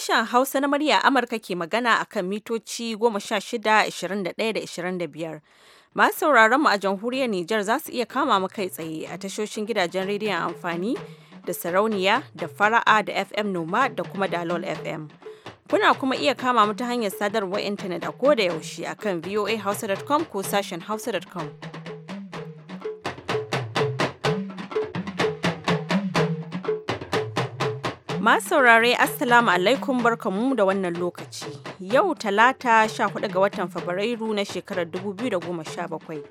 Sashen Hausa na murya Amurka ke magana a kan mitoci 16, 21 da 25. Masu sauraron mu a jamhuriyar Nijar za su iya kama mu kai tsaye a tashoshin gidajen rediyon amfani da sarauniya da fara'a da FM Noma da kuma Dalol FM. Kuna kuma iya kama mu ta hanyar sadarwar intanet a ko da yaushe a kan voahausa.com ko sashen hausa.com. Masu saurare Assalamu alaikum barkamu da wannan lokaci. Yau talata 14 ga watan Fabrairu na shekarar 2017.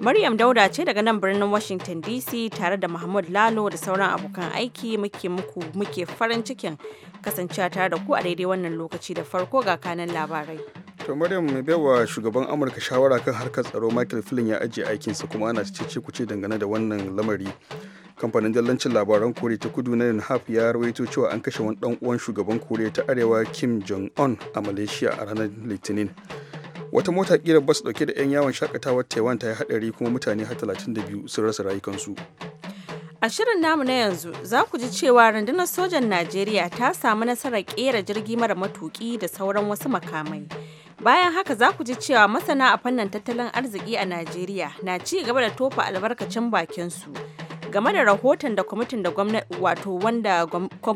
Maryam Dauda ce daga nan birnin Washington DC tare da Muhammad Lalo da sauran abokan aiki muke muku muke farin cikin kasancewa tare da ku a daidai wannan lokaci da farko ga kanan labarai. To Maryam mai baiwa shugaban Amurka shawara kan harkar tsaro Michael Flynn ya ajiye aikinsa kuma ana cece kuce dangane da wannan lamari. kamfanin dallancin labaran koriya ta kudu na yonhap ya rawaito cewa an kashe wani dan uwan shugaban koriya ta arewa kim jong-un a malaysia a ranar litinin wata mota kira bas dauke da 'yan yawon shakatawar taiwan ta yi hadari kuma mutane har 32 sun rasa rayukansu a shirin namu na yanzu za ku ji cewa rundunar sojan najeriya ta samu nasarar kera jirgi mara matuki da sauran wasu makamai bayan haka za ku ji cewa masana a fannin tattalin arziki a najeriya na ci gaba da tofa albarkacin bakinsu game da rahoton da kwamitin da wato wanda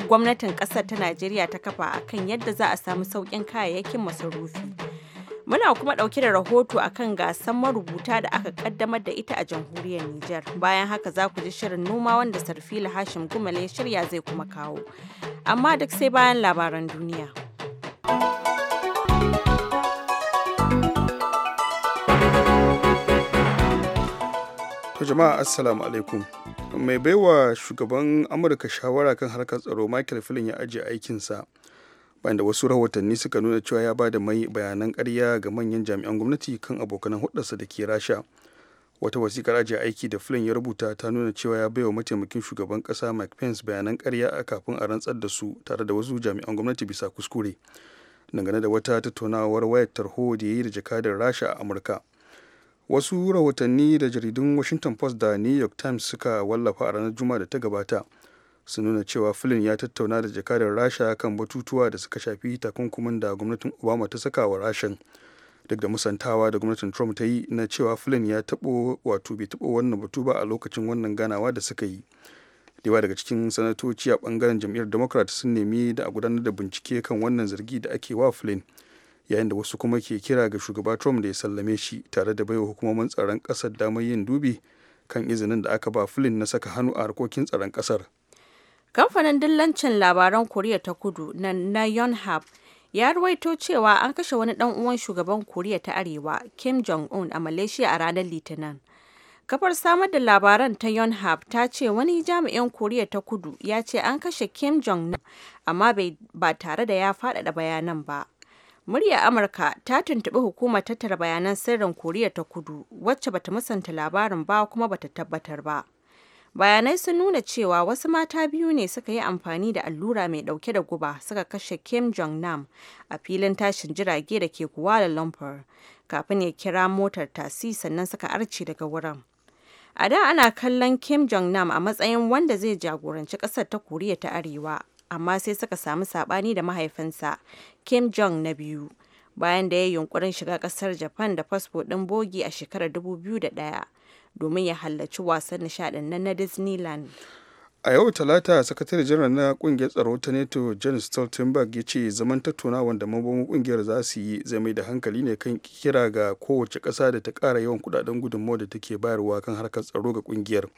gwamnatin kasar ta Najeriya ta kafa akan yadda za a samu saukin kayayyakin masarufi. Muna kuma ɗauke da rahoto akan gasan marubuta da aka kaddamar da ita a jamhuriyar Nijar. Bayan haka za ku ji shirin noma wanda Sarfila Hashim Gumale shirya zai kuma kawo. Amma duk sai bayan labaran duniya. jama'a assalamu alaikum mai baiwa shugaban amurka shawara kan harkar tsaro michael flynn ya ajiye aikinsa bayan da wasu rahotanni suka nuna cewa ya bada mai bayanan karya ga manyan jami'an gwamnati kan abokan hudarsa da ke rasha wata wasikar ajiye aiki da flynn ya rubuta ta nuna cewa ya baiwa mataimakin shugaban kasa mike pence bayanan karya a kafin a rantsar da su tare da wasu jami'an gwamnati bisa kuskure dangane da wata tattaunawar wayar tarho da ya yi da jakadar rasha a amurka wasu rahotanni da jaridun washington post da new york times suka wallafa a ranar juma'a da ta gabata sun nuna cewa filin ya tattauna da jakadar rasha kan batutuwa da suka shafi takunkumin da gwamnatin obama ta saka wa rashin duk da musantawa da gwamnatin trump ta yi na cewa filin ya taɓo wato bai taɓo wannan batu ba a lokacin wannan ganawa da suka yi dewa daga cikin sanatoci a bangaren jam'iyyar democrat sun nemi da a gudanar da bincike kan wannan zargi da ake wa flynn yayin da wasu kuma ke kira ga shugaba trump da ya sallame shi tare da baiwa hukumomin tsaron kasar damar yin dubi kan izinin da aka ba filin na saka hannu a harkokin tsaron kasar. kamfanin dillancin labaran koriya ta kudu na nayonhap ya ruwaito cewa an kashe wani dan uwan shugaban koriya ta arewa kim jong-un a malaysia a ranar litinin kafar samar da labaran ta yonhap ta ce wani jami'in koriya ta kudu ya ce an kashe kim jong-un amma ba tare da ya faɗaɗa bayanan ba murya amurka ta tuntuɓi hukumar tattara bayanan sirrin koriya ta kudu wacce bata musanta labarin ba kuma bata tabbatar ba bayanai sun nuna cewa wasu mata biyu ne suka yi amfani da allura mai ɗauke da guba suka kashe kim jong nam a filin tashin jirage da ke kuala lumpur kafin ya kira motar tasi sannan suka arce daga wurin a da ana kallon kim jong nam a matsayin wanda zai jagoranci ƙasar ta koriya ta arewa amma sai suka samu saɓani da mahaifinsa Kim Jong na biyu bayan da ya yi yunkurin shiga kasar Japan da fasfo ɗin bogi a shekarar 2001 domin ya halarci wasan nishaɗin na na Disneyland. a yau talata sakatare janar na kungiyar tsaro ta neto john stoltenberg ya ce zaman tattaunawar da mambobin kungiyar za su yi zai mai da hankali ne kan kira ga kowace ƙasa da ta ƙara yawan kudaden gudunmawa da take bayarwa kan harkar tsaro ga kungiyar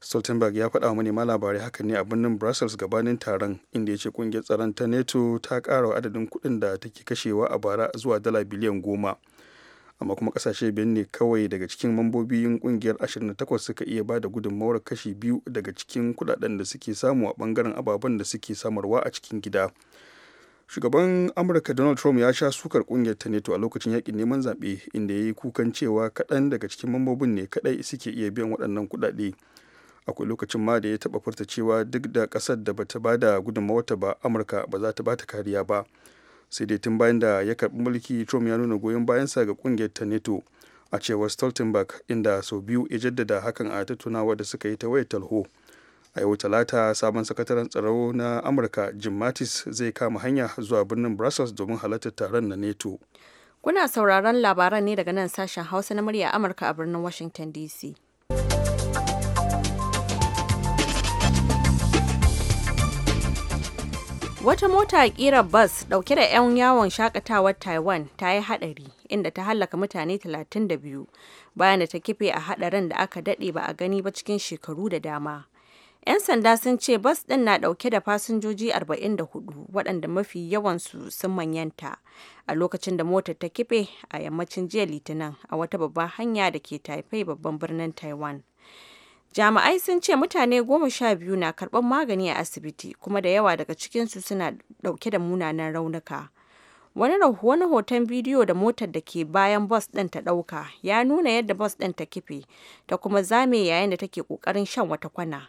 stoltenberg ya faɗa wa manema labarai hakan ne a birnin brussels gabanin taron inda ya ce kungiyar tsaron ta neto ta ƙara adadin kuɗin da take kashewa a bara zuwa dala biliyan goma amma kuma kasashe biyar ne kawai daga cikin mambobin kungiyar 28 suka iya ba da gudunmawar kashi biyu daga cikin kuɗaɗen da suke samu a bangaren ababen da suke samarwa a cikin gida shugaban amurka donald trump ya sha sukar kungiyar ta neto a lokacin yakin neman zaɓe inda ya yi kukan cewa kaɗan daga cikin mambobin ne kaɗai suke iya biyan waɗannan kuɗaɗe akwai lokacin ma da ya taɓa furta cewa duk da kasar da bata ba da ta ba amurka ba za ta ba ta kariya ba sai dai tun bayan da ya karbi mulki trump ya nuna goyon bayansa ga ƙungiyar ta neto a cewar stoltenberg inda sau biyu ya jaddada hakan a tattaunawa da suka yi ta wayar talho a yau talata sabon sakataren tsaro na amurka jim mattis zai kama hanya zuwa birnin brussels domin halartar taron na neto kuna sauraron labaran ne daga nan sashen hausa na murya amurka a birnin washington dc Wata mota kira bus dauke da 'yan yawon shakatawar Taiwan ta yi hadari inda ta hallaka mutane 32 bayan da ta kife a hadarin da aka dade ba a gani ba cikin shekaru da dama. 'Yan sanda sun ce bas din na dauke da fasinjoji 44 waɗanda mafi yawansu sun manyanta a lokacin da motar ta kife a yammacin jiya Litinin a wata babban hanya da ke taifai babban birnin Taiwan. Jami'ai sun ce mutane goma sha biyu na karɓar magani a asibiti kuma da yawa daga cikinsu suna ɗauke da munanan raunuka. Wani hoton bidiyo da motar da ke bayan bus ɗin ta ɗauka ya nuna yadda bus ɗin ta kife ta kuma zame yayin da take ƙoƙarin shan wata kwana.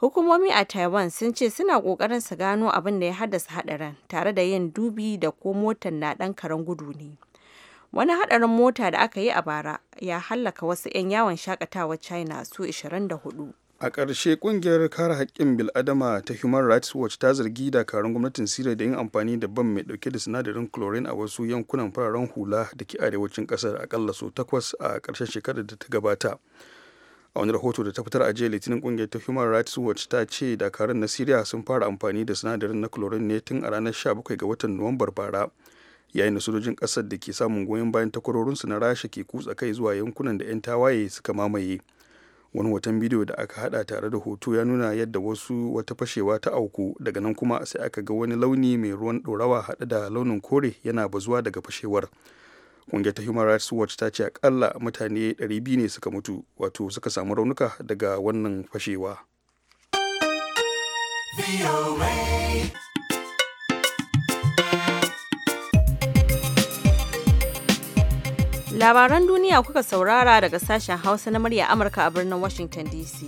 Hukumomi a Taiwan sun ce suna ƙoƙarin su gano abin da ya haddasa haɗarin tare da yin dubi da ko motar na ɗan karen gudu ne. Wani hadarin mota da aka yi a bara ya hallaka wasu 'yan yawon shakatawa China su 24. A ƙarshe ƙungiyar kare haƙƙin bil'adama ta Human Rights Watch ta zargi dakarun gwamnatin Siriya da yin amfani da bam mai ɗauke da sinadarin chlorine a wasu yankunan fararen hula da ke arewacin ƙasar aƙalla su takwas a ƙarshen shekarar da ta gabata. a wani rahoto da ta fitar a jiya litinin kungiyar ta human rights watch ta ce dakarun na syria sun fara amfani da sinadarin na chlorine ne tun a ranar 17 ga watan nuwambar bara yayin da sojojin ƙasar da ke samun goyon bayan takwarorinsu na rasha ke kutsa kai zuwa yankunan da 'yan tawaye suka mamaye wani watan bidiyo da aka hada tare da hoto ya nuna yadda wasu wata fashewa ta auku daga nan kuma sai aka ga wani launi mai ruwan dorawa hada da launin kore yana bazuwa daga fashewar kungiyar ta human rights watch ta ce akalla mutane 200 ne suka mutu wato suka samu raunuka daga wannan fashewa. Labaran duniya kuka saurara daga sashen Hausa na murya Amurka a birnin Washington DC.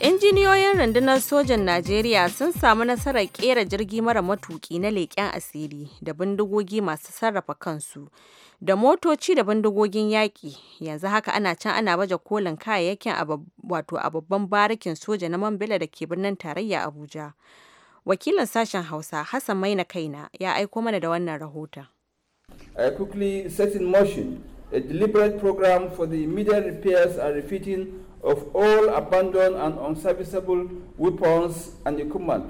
Injiniyoyin rundunar sojan Najeriya sun samu nasarar kera jirgi mara matuki na leƙen asiri da bindigogi masu sarrafa kansu da motoci da bindigogin yaƙi. Yanzu haka ana can ana baje kolin kayayyakin wato a babban barikin soja na Mambila da ke birnin tarayya Abuja. Wakilin sashen Hausa Hassan Maina Kaina ya aiko mana da wannan rahoton. I quickly set in motion a deliberate program for the immediate repairs and refitting of all abandoned and unserviceable weapons and equipment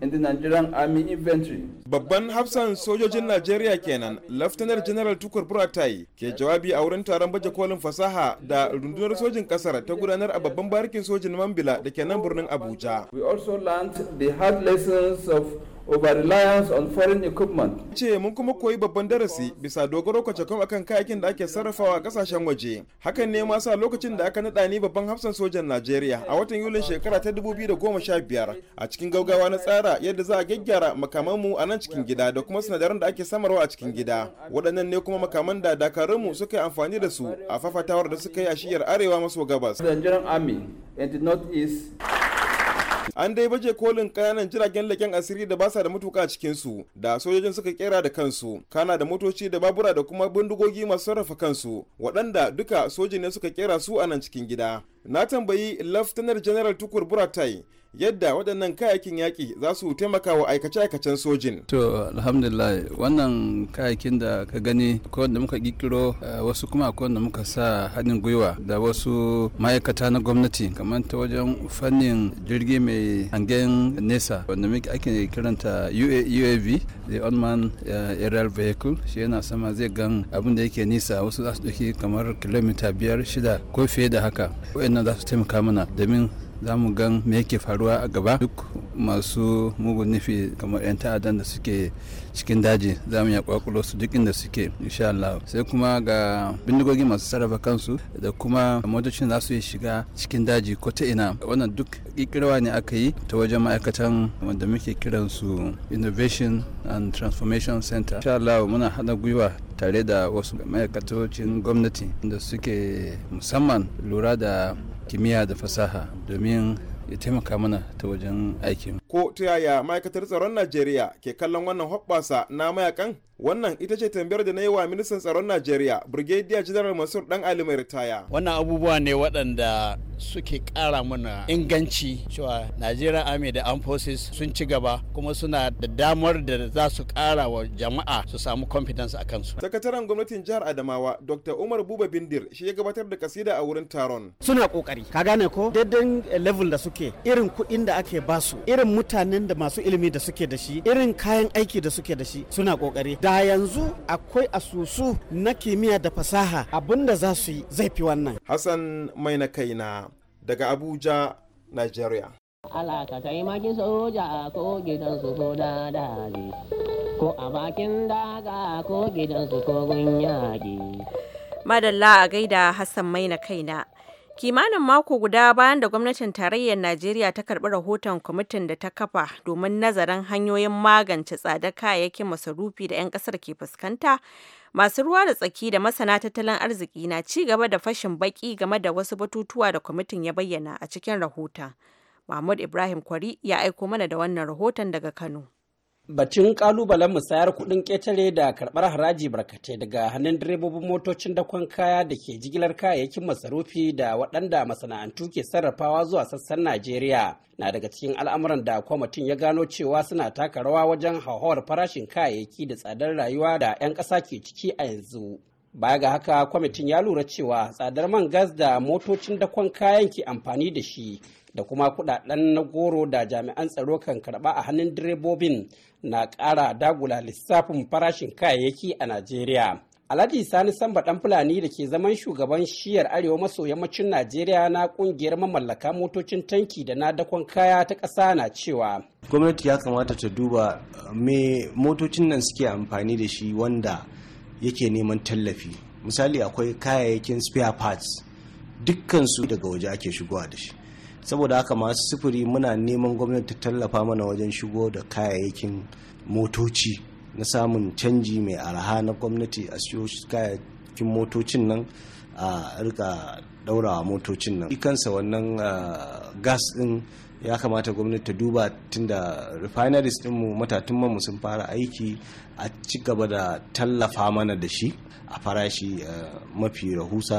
in the Nigerian Army Infantry. Babban hafsan sojojin Najeriya kenan, Laftanar General Tukur Buratai ke jawabi a wurin taron baje kolin fasaha da rundunar sojin kasar ta gudanar a babban barikin sojin Mambila da ke nan birnin Abuja. We also learned the hard lessons of over reliance on foreign equipment. Ce mun kuma koyi babban darasi bisa dogaro kwace kwacakwam akan kayakin da ake sarrafawa a kasashen waje. Hakan ne ma sa lokacin da aka naɗa ni babban hafsan sojan Najeriya a watan Yulin shekara ta 2015 a cikin gaugawa na tsara yadda za a gyaggyara makamanmu a nan cikin gida da kuma sinadaran da ake samarwa a cikin gida. Waɗannan ne kuma makaman da dakarunmu suka yi amfani da su a fafatawar da suka yi a shiyar arewa maso gabas. The Nigerian Army and the North East an dai baje kolin kananan jiragen leken asiri da basa da matuka cikin su da sojojin suka kera da kansu kana da motoci da babura da kuma bindigogi masu sarrafa kansu waɗanda duka sojin ne suka kera su a nan cikin gida na tambayi laftanar general tukur buratai yadda waɗannan kayakin yaƙi za su taimaka wa aikace-aikacen sojin. To alhamdulillah wannan kayakin da ka gani ko da muka kikiro eh, wasu kuma ko da muka sa haɗin gwiwa da wasu ma'aikata na gwamnati kamar ta wajen fannin jirgi mai hangen nesa wanda muke ake kiranta UAV the unmanned eh, aerial vehicle shi yana sama zai gan abin da yake nisa wasu za su ɗauki kamar kilomita biyar shida ko fiye da haka wa'annan za su taimaka mana domin za mu gan me yake faruwa a gaba duk masu mugun nufi kamar 'yan ta'addan da suke cikin daji za mu ya su duk inda suke insha Allah sai kuma ga bindigogi masu sarrafa kansu da kuma motocin za su yi shiga cikin daji ko ta ina wannan duk kikirwa ne aka yi ta wajen ma'aikatan wanda muke kiran su innovation and transformation center insha Allah muna hada gwiwa tare da wasu ma'aikatocin gwamnati da suke musamman lura da kimiyya da fasaha domin ya taimaka mana ta wajen aikin. Ko ta yaya ma'aikatar tsaron Najeriya ke kallon wannan hoɓɓasa na mayakan? wannan ita ce tambayar da na yi wa ministan tsaron najeriya brigadier general mansur dan ali mai ritaya wannan abubuwa ne waɗanda suke ƙara mana inganci cewa nigerian army da armed forces sun ci gaba kuma suna da damar da za su ƙara wa jama'a su samu confidence a kansu sakataren gwamnatin jihar adamawa dr umar buba bindir shi ya gabatar da kasida a wurin taron suna ƙoƙari ka gane ko daidan level da suke irin kuɗin da ake basu irin mutanen da masu ilimi da suke da shi irin kayan aiki da suke da shi suna ƙoƙari. da yanzu akwai asusu na kimiyya da fasaha abinda za su yi zai fi wannan hassan mai na kaina daga abuja nigeria Allah ka soja ko gidan su ko dadali ko a bakin daga ko gidan su ko gun yaƙi. Madalla a gaida Hassan mai na kaina. Kimanin mako guda bayan da gwamnatin tarayyar Najeriya ta karbi rahoton kwamitin da ta kafa domin nazarin hanyoyin magance tsadar kayayyakin masarufi da 'yan kasar ke fuskanta, masu ruwa da tsaki da masana tattalin arziki na ci gaba da fashin baki game da wasu batutuwa da kwamitin ya bayyana a cikin rahoton. Mahmud Ibrahim Kwari ya aiko mana da wannan rahoton daga Kano. Bacin kalubalen musayar kuɗin ƙetare da karɓar haraji barkatai daga hannun direbobin motocin dakon kaya da ke jigilar kayayyakin masarufi da waɗanda masana'antu ke sarrafawa zuwa sassan Najeriya na daga cikin al'amuran da kwamitin ya gano cewa suna taka rawa wajen hauhawar farashin kayayyaki da tsadar rayuwa da 'yan ƙasa ke ciki a yanzu. Baya ga haka kwamitin ya lura cewa tsadar man gas da motocin dakon kayan ke amfani da shi da kuma kudaden na goro da jami'an tsaro kan karba a hannun direbobin na kara dagula lissafin farashin kayayyaki a najeriya alhaji sani samba dan fulani da ke zaman shugaban shiyar arewa maso yammacin najeriya na kungiyar mamallaka motocin tanki da na dakon kaya ta ƙasa na cewa gwamnati ya kamata ta duba uh, me motocin nan suke amfani da shi wanda yake neman tallafi misali akwai kayayyakin spare parts dukkansu daga waje ake shigowa da shi saboda haka masu sufuri muna neman gwamnati ta tallafa mana wajen shigo da kayayyakin motoci na samun canji mai arha na gwamnati a siyo kayayyakin motocin nan a rika daurawa motocin nan kansa wannan gas din ya kamata gwamnati ta duba tunda refineries dinmu matatun mu sun fara aiki a ci gaba da tallafa mana da shi a farashi mafi rahusa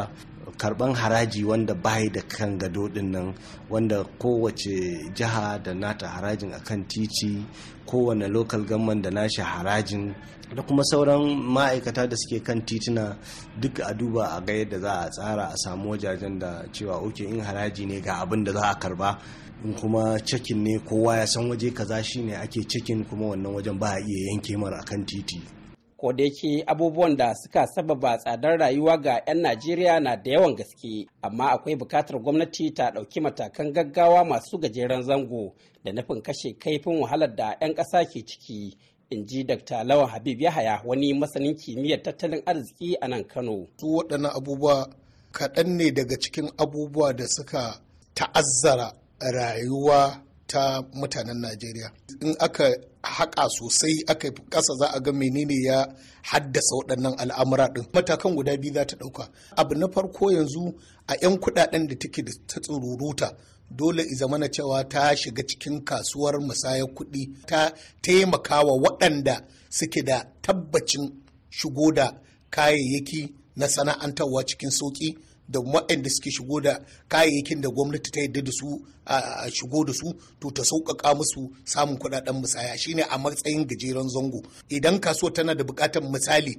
karban haraji wanda bayi da kan gado dinnan wanda kowace jiha da nata harajin a kan titi kowane local government da nashi harajin da kuma sauran ma'aikata da suke kan tituna duk a duba a ga yadda za a tsara a samu wajajen da cewa oke in haraji ne ga abin da za a karba in kuma cikin ne kowa ya san waje kaza shine ake cikin kuma wannan wajen ba a iya yanke mara akan titi Kodayake abubuwan da suka sababa tsadar rayuwa ga 'yan najeriya na da yawan gaske amma akwai bukatar gwamnati ta ɗauki matakan gaggawa masu gajeren zango da nufin kashe kaifin wahalar da 'yan ƙasa ke ciki in ji dr lawan habib yahaya wani masanin kimiyyar tattalin arziki a nan kano su waɗannan abubuwa kaɗan ne daga cikin abubuwa da suka ta'azzara rayuwa ta mutanen najeriya in aka haƙa sosai aka ƙasa za a ga menene ya haddasa waɗannan al'amura ɗin matakan guda biyu za ta ɗauka abu na farko yanzu a 'yan kuɗaɗen da take da ta tsururuta dole i zamana cewa ta shiga cikin kasuwar musayar kuɗi ta taimakawa waɗanda suke da tabbacin shigo da kayayyaki na sana'antarwa cikin sauƙi da waɗanda suke shigo da kayayyakin da gwamnati ta yarda da su a shigo da su to ta sauƙaƙa musu samun kuɗaɗen musaya shine a matsayin gajeren zango idan kasuwa tana da buƙatar misali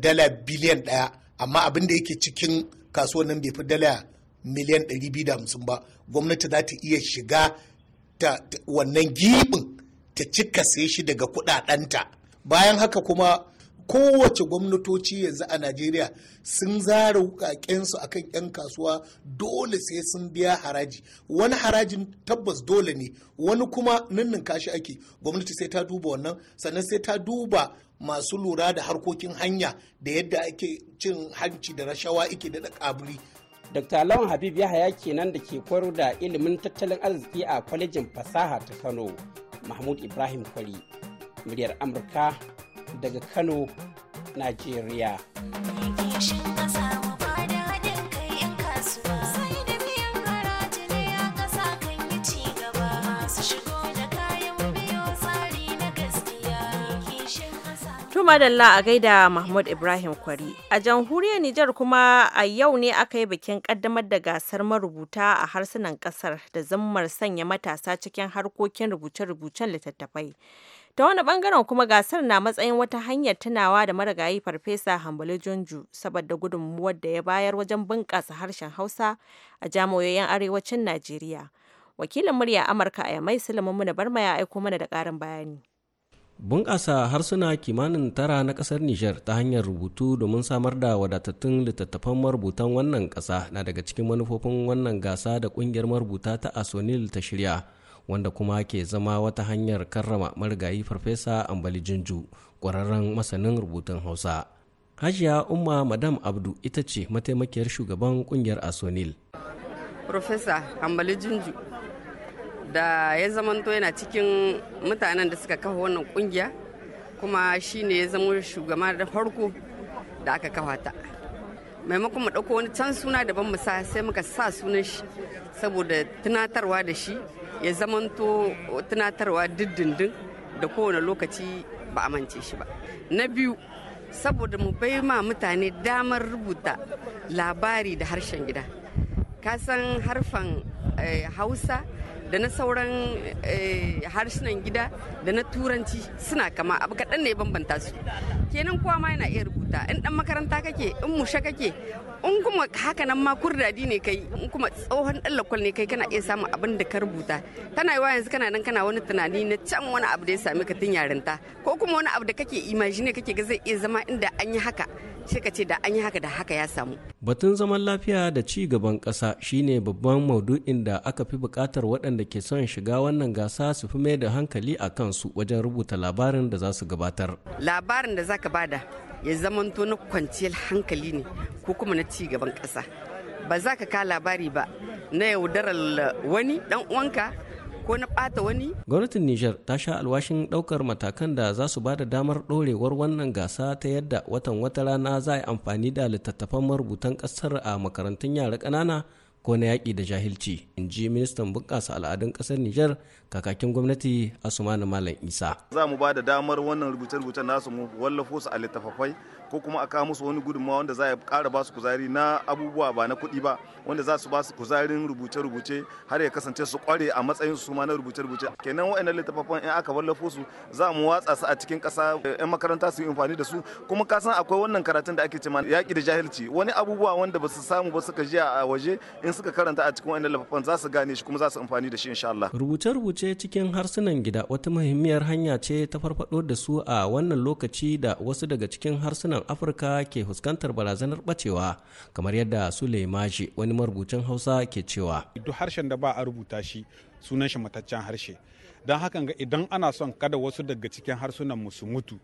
dala biliyan ɗaya amma abin da yake cikin kasuwar nan bai fi dala miliyan ɗari biyu da hamsin ba gwamnati za ta iya shiga ta wannan gibin ta cika sai shi daga kuɗaɗenta bayan haka kuma kowace gwamnatoci yanzu a najeriya sun zara wukakensu akan 'yan kasuwa dole sai sun biya haraji wani harajin tabbas dole ne wani kuma ninnin kashi ake gwamnati sai ta duba wannan sannan sai ta duba masu lura da harkokin hanya da yadda ake cin hanci da rashawa ike da kaburi Dr. Lawan Habib Yahaya kenan da ke koyar da ilimin tattalin arziki a kwalejin fasaha ta Kano, Mahmud Ibrahim Kwari, muryar Amurka daga Kano, Najeriya. madalla a gaida Mahmud Ibrahim Kwari. A jamhuriyar Nijar kuma a yau ne aka yi bikin kaddamar da gasar marubuta a harsunan kasar da zammar sanya matasa cikin harkokin rubuce-rubucen littattafai. Ta wani bangaren kuma gasar na matsayin wata hanyar tunawa da marigayi Farfesa Hambali Junju saboda gudunmuwar da ya bayar wajen bunƙasa harshen Hausa a jami'o'in Arewacin Najeriya. Wakilin murya Amurka a Yamai bar Barma ya aiko mana da ƙarin bayani. bunƙasa harsuna kimanin tara na ƙasar Nijar ta hanyar rubutu domin samar da wadatattun littattafan marubutan wannan ƙasa na daga cikin manufofin wannan gasa da ƙungiyar marubuta ta Asonil ta shirya. wanda kuma ke zama wata hanyar karrama marigayi farfesa ambali jinju ƙwararren masanin rubutun hausa hajiya umma madam abdu ita ce mataimakiyar shugaban kungiyar asonil profesa ambali jinju da ya zamanto yana cikin mutanen da suka kafa wannan kungiya kuma shi ne ya zama shugaba da farko da aka kafa ta maimakon mu ɗauko wani can suna daban mu sa sai muka sa sunan shi saboda tunatarwa da shi ya zamanto tunatarwa diddindin da kowane lokaci ba amince shi ba na biyu saboda mu bai ma mutane damar rubuta labari da harshen gida kasan harfan eh, hausa da na sauran eh, harsunan gida da na turanci suna kama abu kaɗan ne bambanta su kenan kowa ma yana iya rubuta in ɗan makaranta kake in musha kake in kuma haka nan ma kurdadi ne kai in kuma tsohon ɗan lakwal ne kai kana iya samun abin da ka rubuta tana yiwa yanzu kana nan kana wani tunani na can wani abu da ya sami ka tun yarinta ko kuma wani abu da kake imagine kake ga zai iya zama inda an yi haka suka kace ce da an yi haka da haka ya samu. Batun zaman lafiya da ci gaban ƙasa shine babban maudu'in da aka fi buƙatar waɗanda ke son shiga wannan gasa su fi mai da hankali a kansu wajen rubuta labarin da za su gabatar. Labarin da za ka bada ya zamanto na kwanciyar hankali ne ko kuma na ci gaban ƙasa. Ba za ka ka labari ba na yaudarar wani ɗan uwanka ko na ɓata wani. Gwamnatin Nijar ta sha alwashin ɗaukar matakan da za su ba da damar dorewar wannan gasa ta yadda watan wata rana za a yi amfani da littattafan marubutan ƙasar a makarantun yara kanana ko na yaki da jahilci in ji ministan bunƙasa al'adun kasar nijar kakakin gwamnati asumani malam isa za mu ba da damar wannan rubuce-rubuce nasu mu wallafo su a littafafai ko kuma a kawo musu wani gudunmawa wanda za a ƙara ba kuzari na abubuwa ba na kuɗi ba wanda za su ba kuzarin rubuce-rubuce har ya kasance su kware a matsayin su ma na rubuce-rubuce kenan wa'annan littattafan in aka wallafo su za mu watsa su a cikin ƙasa 'yan eh, makaranta su yi amfani da su kuma ka san akwai wannan karatun da ake cewa yaƙi da jahilci wani abubuwa wanda ba su samu ba suka ji a waje in suka karanta a cikin wa'annan littattafan za su gane shi kuma za su amfani da shi insha Allah rubuce-rubuce cikin harsunan gida wata muhimmiyar hanya ce ta farfado da su a wannan lokaci da wasu daga cikin harsunan yankunan afirka ke fuskantar barazanar bacewa kamar yadda sule maji wani marubucin hausa ke cewa duk harshen da ba a rubuta shi sunan shi mataccen harshe don hakan ga idan ana son kada wasu daga cikin harsunan su mutu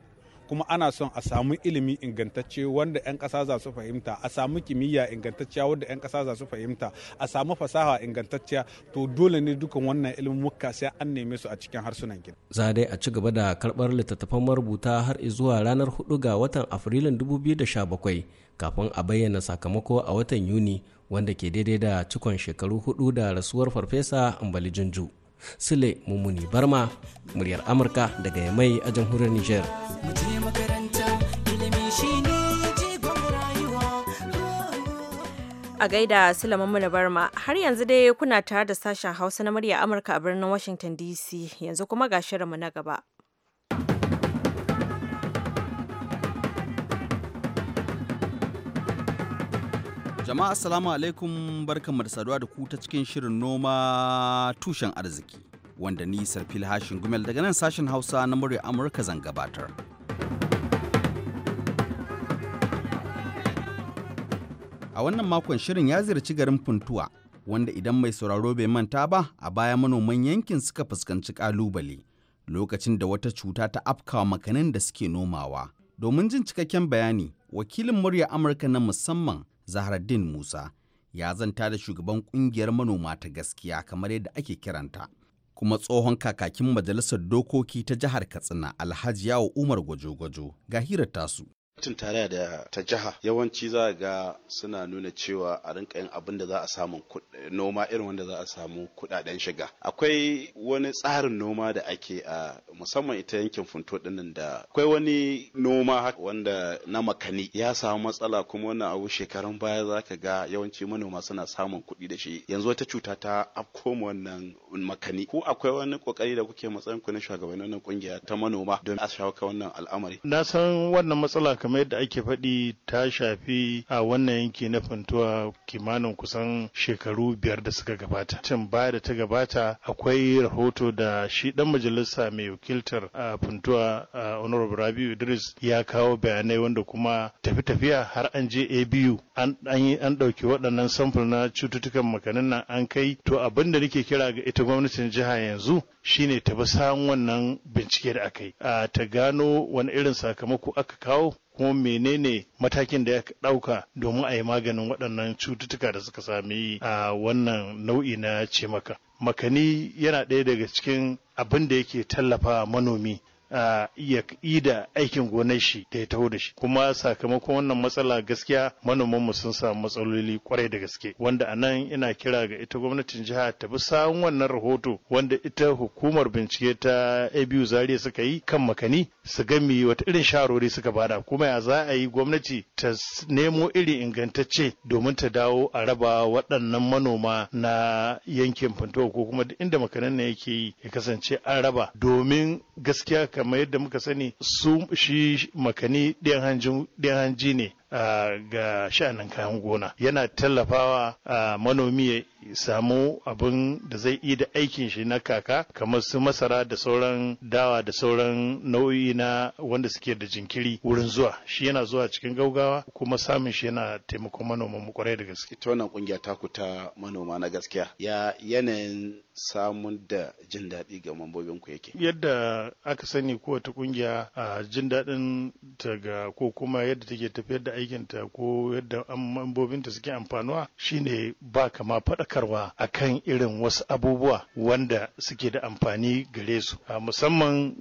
kuma ana son a samu ilimi ingantacce wanda 'yan ƙasa za su fahimta a samu kimiyya ingantacciya wanda 'yan ƙasa za su fahimta a samu fasaha ingantacciya to dole ne dukan wannan ilimin muka sai an neme su a cikin harsunan gida. za dai a ci gaba da karbar littattafan marubuta har zuwa ranar 4 ga watan afrilun 2017 kafin a bayyana sakamako a watan yuni wanda ke daidai da cikon shekaru hudu da rasuwar farfesa mbali junju. Sule Mummuni Barma, muryar Amurka daga Yamai a jamhuriyar niger. A gaida Sule Mummuni Barma, har yanzu dai kuna tare da sashen Hausa na murya Amurka a birnin Washington DC, yanzu kuma ga shirinmu na gaba. Jama'a assalamu alaikum barkanmu da saduwa da ku ta cikin shirin noma tushen arziki wanda ni Sarfil Hashin Gumel daga nan sashen Hausa na murya Amurka zan gabatar. A wannan makon shirin ya ziyarci garin Funtuwa wanda idan mai sauraro bai manta ba a baya manoman yankin suka fuskanci kalubale lokacin da wata cuta ta afkawa makanin da suke nomawa. Domin jin cikakken bayani, wakilin murya Amurka na musamman zahraddin musa ya zanta da shugaban kungiyar manoma ta gaskiya kamar yadda ake kiranta kuma tsohon kakakin majalisar dokoki ta jihar katsina alhaji yawo umar gwajo-gwajo ga hirar tasu gwamnatin tarayya da ta jiha yawanci za ga suna nuna cewa a rinka yin abin da za a samu noma irin wanda za a samu kudaden shiga akwai wani tsarin noma da ake a musamman ita yankin funto dinnan da akwai wani noma wanda na makani ya samu matsala kuma wannan abu shekarun baya za ka ga yawanci manoma suna samun kuɗi da shi yanzu wata cuta ta afko wannan makani ko akwai wani kokari da kuke matsayin ku na shugabannin kungiya ta manoma don a shawo wannan al'amari na san wannan matsala kamar kamar yadda ake faɗi ta shafi a wannan yanki na Funtuwa kimanin kusan shekaru biyar da suka gabata. Can baya da ta gabata akwai rahoto da shi ɗan majalisa mai wakiltar a a Honorable Rabiu Idris ya kawo bayanai wanda kuma tafi-tafiya har an je ABU an ɗauki waɗannan samfur na cututtukan makanin nan an kai to abin da nake kira ga ita gwamnatin jiha yanzu shine ta bi samun wannan bincike da aka yi. Ta gano wani irin sakamako aka kawo kuma menene matakin da ya ɗauka domin a yi maganin waɗannan cututtuka da suka sami a wannan nau'i na maka? Makani yana ɗaya daga cikin abin da yake tallafa manomi iya da aikin gonar shi ta ya taho da shi kuma sakamakon wannan matsala gaskiya manoman mu sun samu matsaloli kwarai da gaske wanda a nan ina kira ga ita gwamnatin jiha ta bi sawun wannan rahoto wanda ita hukumar bincike ta abu Zariya suka yi kan makani su gami wata irin sharori suka bada kuma ya za a yi gwamnati ta nemo irin ingantacce domin ta dawo a raba waɗannan manoma na yankin fintowa ko kuma duk inda makanan na yake yi ya kasance an raba domin gaskiya kamar yadda muka sani su shi makani ɗin hanji ne ga sha'anin kayan gona yana tallafawa manomi ya samu abin da zai yi da aikin shi na kaka kamar su masara da sauran dawa da sauran nau'i na wanda suke da jinkiri wurin zuwa shi yana zuwa cikin gaugawa kuma samun shi yana taimakon manoman mu kwarai da gaske ita wannan kungiya ta ku manoma na gaskiya ya yanayin samun da jin daɗi ga mambobin ku yake yadda aka sani kowace kungiya a jin daɗin ta ga ko kuma yadda take tafiyar da aikinta ko yadda mambobinta suke amfanuwa shine ba kama faɗakarwa a kan irin wasu abubuwa wanda suke da amfani gare su musamman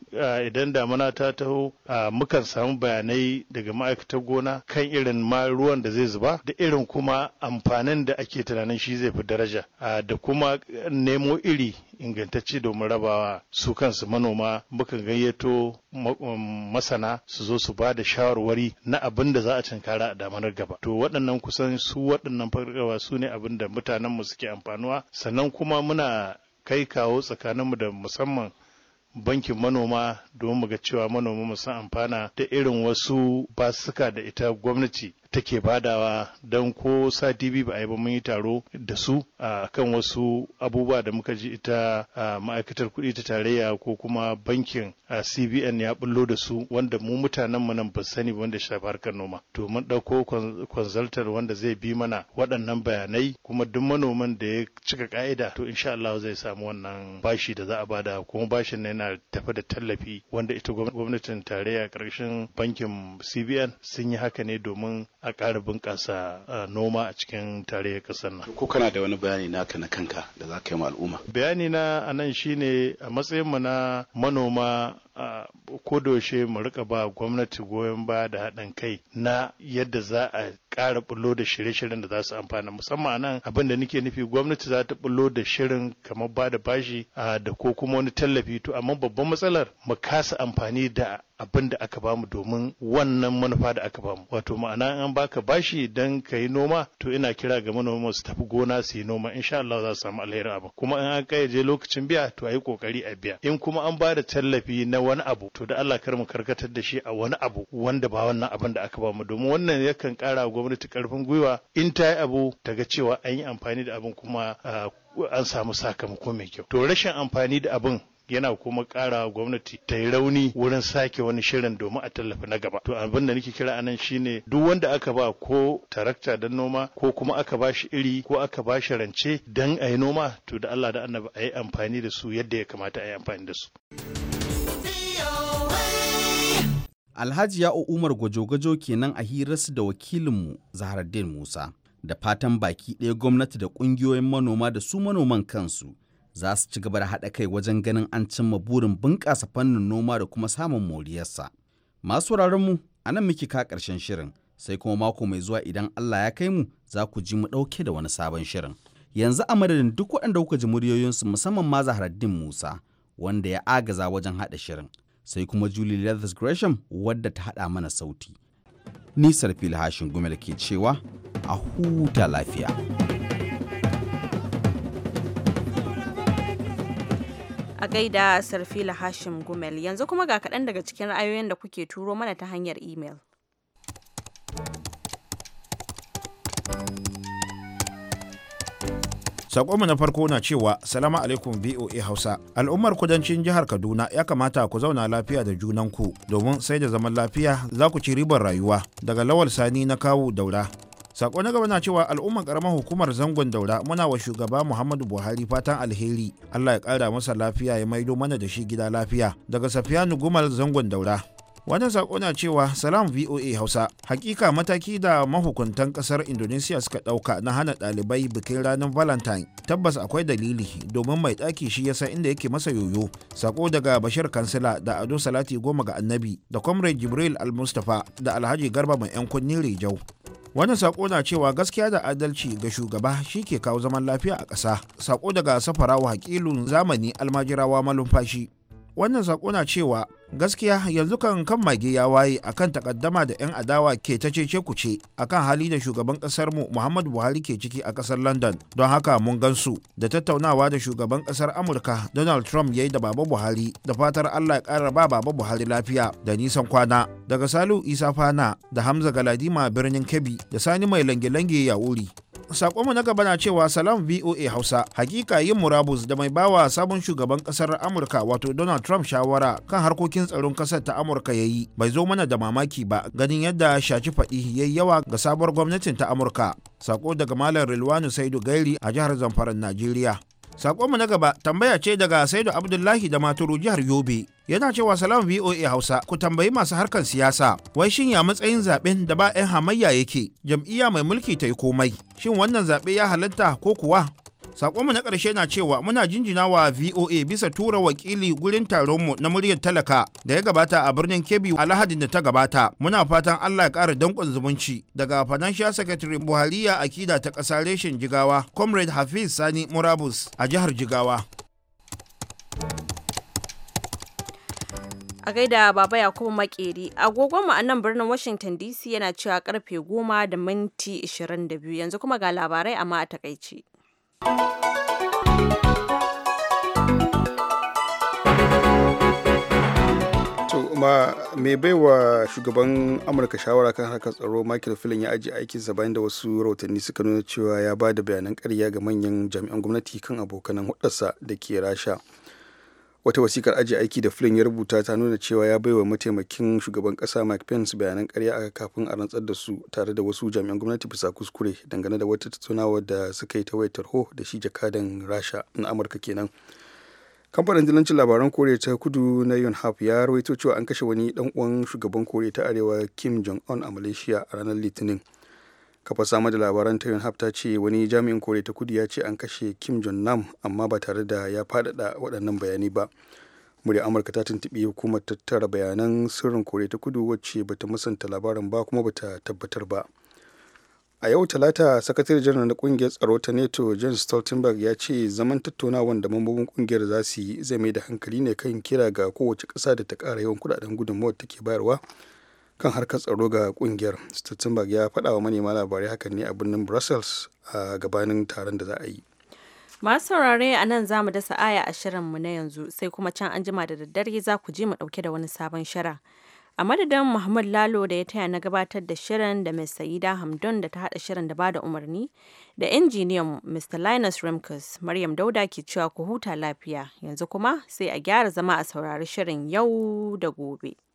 idan damana ta taho mukan samu bayanai daga ma'aikatar gona kan irin ma ruwan da zai zuba da irin kuma amfanin da ake tunanin shi zai fi daraja da kuma nemo iri ingantacce domin rabawa su kansu manoma muka gayyato um, masana su zo su ba da shawarwari na abin da za a cankara a damanar gaba to waɗannan kusan su waɗannan fargaba su ne abin da mutanenmu suke amfanuwa sannan kuma muna kai kawo tsakaninmu da musamman bankin manoma don mu ga cewa manoma mu san amfana da irin wasu basuka da ita gwamnati take badawa don ko sati biyu ba a yi ba mun yi taro da su a kan wasu abubuwa da muka ji ita ma'aikatar kuɗi ta tarayya ko kuma bankin cbn ya bullo da su wanda mu mutanen mu nan ba sani wanda shafi harkar noma to mun ɗauko consultant wanda zai bi mana waɗannan bayanai kuma duk manoman da ya cika ka'ida to insha Allah zai samu wannan bashi da za a bada kuma bashin yana tafi da tallafi wanda ita gwamnatin tarayya ƙarshen bankin cbn sun yi haka ne domin a ƙara bunƙasa noma a cikin tarayyar ƙasar nan. Ko kana da wani bayani naka na kanka da za ka yi ma al'umma? Bayani na a nan shine a matsayinmu na manoma kodoshe mu rika ba gwamnati goyon ba da haɗin kai na yadda za a ƙara bullo da shirye-shiryen da za su amfana musamman nan abin da nake nufi gwamnati za ta bullo da shirin kamar ba da bashi da ko kuma wani tallafi to amma babban matsalar mu kasa amfani da abin da aka bamu domin wannan manufa da aka bamu wato ma'ana an baka bashi dan ka yi noma to ina kira ga manoma su tafi gona su yi noma insha Allah za su samu alherin abu kuma in an je lokacin biya to ayi yi kokari a biya in kuma an ba da tallafi na wani abu to da Allah kar mu karkatar da shi a wani abu wanda ba wannan abin da aka ba mu domin wannan yakan kara gwamnati karfin gwiwa in ta yi abu ta ga cewa an yi amfani da abin kuma ah, an samu sakamako mai kyau to rashin amfani da abin yana kuma kara gwamnati ta yi rauni wurin sake wani shirin domin a tallafi na gaba. To abin da nake kira anan shine duk wanda aka ba ko tarakta don noma ko kuma aka ba shi iri ko aka ba shi rance don a yi noma to da Allah da annabi a yi amfani da su yadda ya kamata a yi amfani da su. Alhaji Umar Gwajo-Gwajo kenan a hirarsu da wakilinmu Zaharaddin Musa. Da fatan baki ɗaya gwamnati da ƙungiyoyin manoma da su manoman kansu za su ci gaba da haɗa kai wajen ganin an cimma burin bunƙasa fannin noma da kuma samun moriyarsa. Masu mu a nan muke ka ƙarshen shirin sai kuma mako mai zuwa idan Allah ya kai mu za ku ji mu ɗauke da wani sabon shirin. Yanzu a madadin duk waɗanda kuka ji muryoyinsu musamman ma Zaharaddin Musa wanda ya agaza wajen haɗa shirin. sai kuma Julie Leathers Gresham wadda ta haɗa mana sauti. Nisar filhashin gumel ke cewa a huta lafiya. A gaida Sarfila Hashim Gumel yanzu kuma ga kaɗan daga cikin ra'ayoyin da kuke turo mana ta hanyar imel. Sakonmu na farko na cewa Salama alaikum VOA Hausa. Al'ummar kudancin jihar Kaduna ya kamata ku zauna lafiya da junanku domin sai da zaman lafiya za ku ci ribar rayuwa. Daga Lawal Sani na kawu daura. sako na gaba na cewa al'ummar karamar hukumar zangon daura muna wa shugaba muhammadu buhari fatan alheri allah ya kara masa lafiya ya maido mana da shi gida lafiya daga safiyanu gumal zangon daura wannan sako na cewa salam voa hausa hakika mataki da mahukuntan kasar indonesiya suka dauka na hana dalibai bikin ranar valentine tabbas akwai dalili domin mai daki shi yasa inda yake masa yoyo sako daga bashir kansila da ado salati goma ga annabi da comrade jibril al-mustapha da alhaji garba mai yan kunni rijau wannan sako na cewa gaskiya da adalci ga shugaba shi ke kawo zaman lafiya a ƙasa sako daga safarawa hakilun zamani almajirawa malumfashi wannan sako na cewa gaskiya yanzu kan kan mage ya waye a kan takaddama da 'yan adawa ke ta cece kuce akan hali da shugaban kasar mu muhammadu buhari ke ciki a kasar london don haka mun gansu da tattaunawa da shugaban kasar amurka donald trump ya yi da baba buhari da fatar allah ya kara ba baba buhari lafiya da nisan kwana daga salu isa fana da hamza galadima birnin kebbi da sani mai lange-lange ya wuri sakonmu na gaba na cewa salam VOA Hausa hakika yin murabus da mai bawa sabon shugaban kasar Amurka wato Donald Trump shawara kan harkokin tsaron kasar ta Amurka yayi bai zo mana da mamaki ba ganin yadda shaci faɗi ya yi yawa ga sabuwar gwamnatin ta Amurka sako daga Malam Rilwanu Saidu Gairi a jihar Zamfara Najeriya sakonmu na gaba tambaya ce daga Saidu Abdullahi da Maturu jihar Yobe yana cewa salam voa hausa ku tambayi masu harkan siyasa wai shin ya matsayin zaben da ba 'yan hamayya yake jam'iyya mai mulki ta yi komai shin wannan zaɓe ya halatta ko kuwa Sakonmu na ƙarshe na cewa muna jinjina wa VOA bisa tura wakili gurin taron mu na muryar talaka da ya gabata a birnin Kebbi a Lahadin da ta gabata. Muna fatan Allah ya ƙara danƙon zumunci daga Financial Secretary Buhariya Akida ta ƙasa reshen Jigawa, Comrade Hafiz Sani Murabus a jihar Jigawa. A gaida Baba Yakubu Makeri, agogonmu mu a nan birnin Washington DC yana cewa karfe 10 da minti 22 yanzu kuma ga labarai amma a takaice. kuma mai baiwa shugaban amurka shawara kan harkar tsaro michael flynn ya aji aikinsa bayan da wasu rahotanni suka nuna cewa ya ba da bayanan karya ga manyan jami'an gwamnati kan abokanan hudarsa da ke rasha wata wasikar ajiye aiki da flynn ya rubuta ta nuna cewa ya baiwa mataimakin shugaban kasa mike pence bayanan karya aka kafin a rantsar da su tare da wasu jami'an gwamnati bisa kuskure dangane da wata tattaunawa da suka yi ta wayar tarho da shi jakadan rasha na amurka kenan kamfanin dilancin labaran kore ta kudu na haf ya rawaito cewa an kashe wani dan uwan shugaban korea ta arewa kim jong-un a malaysia a ranar litinin kafa samar da labaran ta yonhap ta ce wani jami'in kore ta kudu ya ce an kashe kim jong nam amma ba tare da ya faɗaɗa waɗannan bayani ba murya amurka ta tuntuɓi hukumar tattara bayanan sirrin kore ta kudu wacce ba ta musanta labarin ba kuma ba ta tabbatar ba a yau talata sakatare janar na kungiyar tsaro ta neto john stoltenberg ya ce zaman tattaunawan da mambobin kungiyar za su yi zai mai da hankali ne kan kira ga kowace ƙasa da ta kara yawan kudaden gudunmawar take bayarwa kan harkar tsaro ga kungiyar stuttenberg ya faɗa wa manema labarai hakan ne a birnin brussels a gabanin taron da za a yi masu saurare a nan za mu dasa aya a shirinmu na yanzu sai kuma can an jima da daddare za ku je mu ɗauke da wani sabon shara a madadin muhammad lalo da ya taya na gabatar da shirin da mai saida hamdun da ta haɗa shirin da bada umarni da injiniyan mr linus remkus maryam dauda ke cewa ku huta lafiya yanzu kuma sai a gyara zama a saurari shirin yau da gobe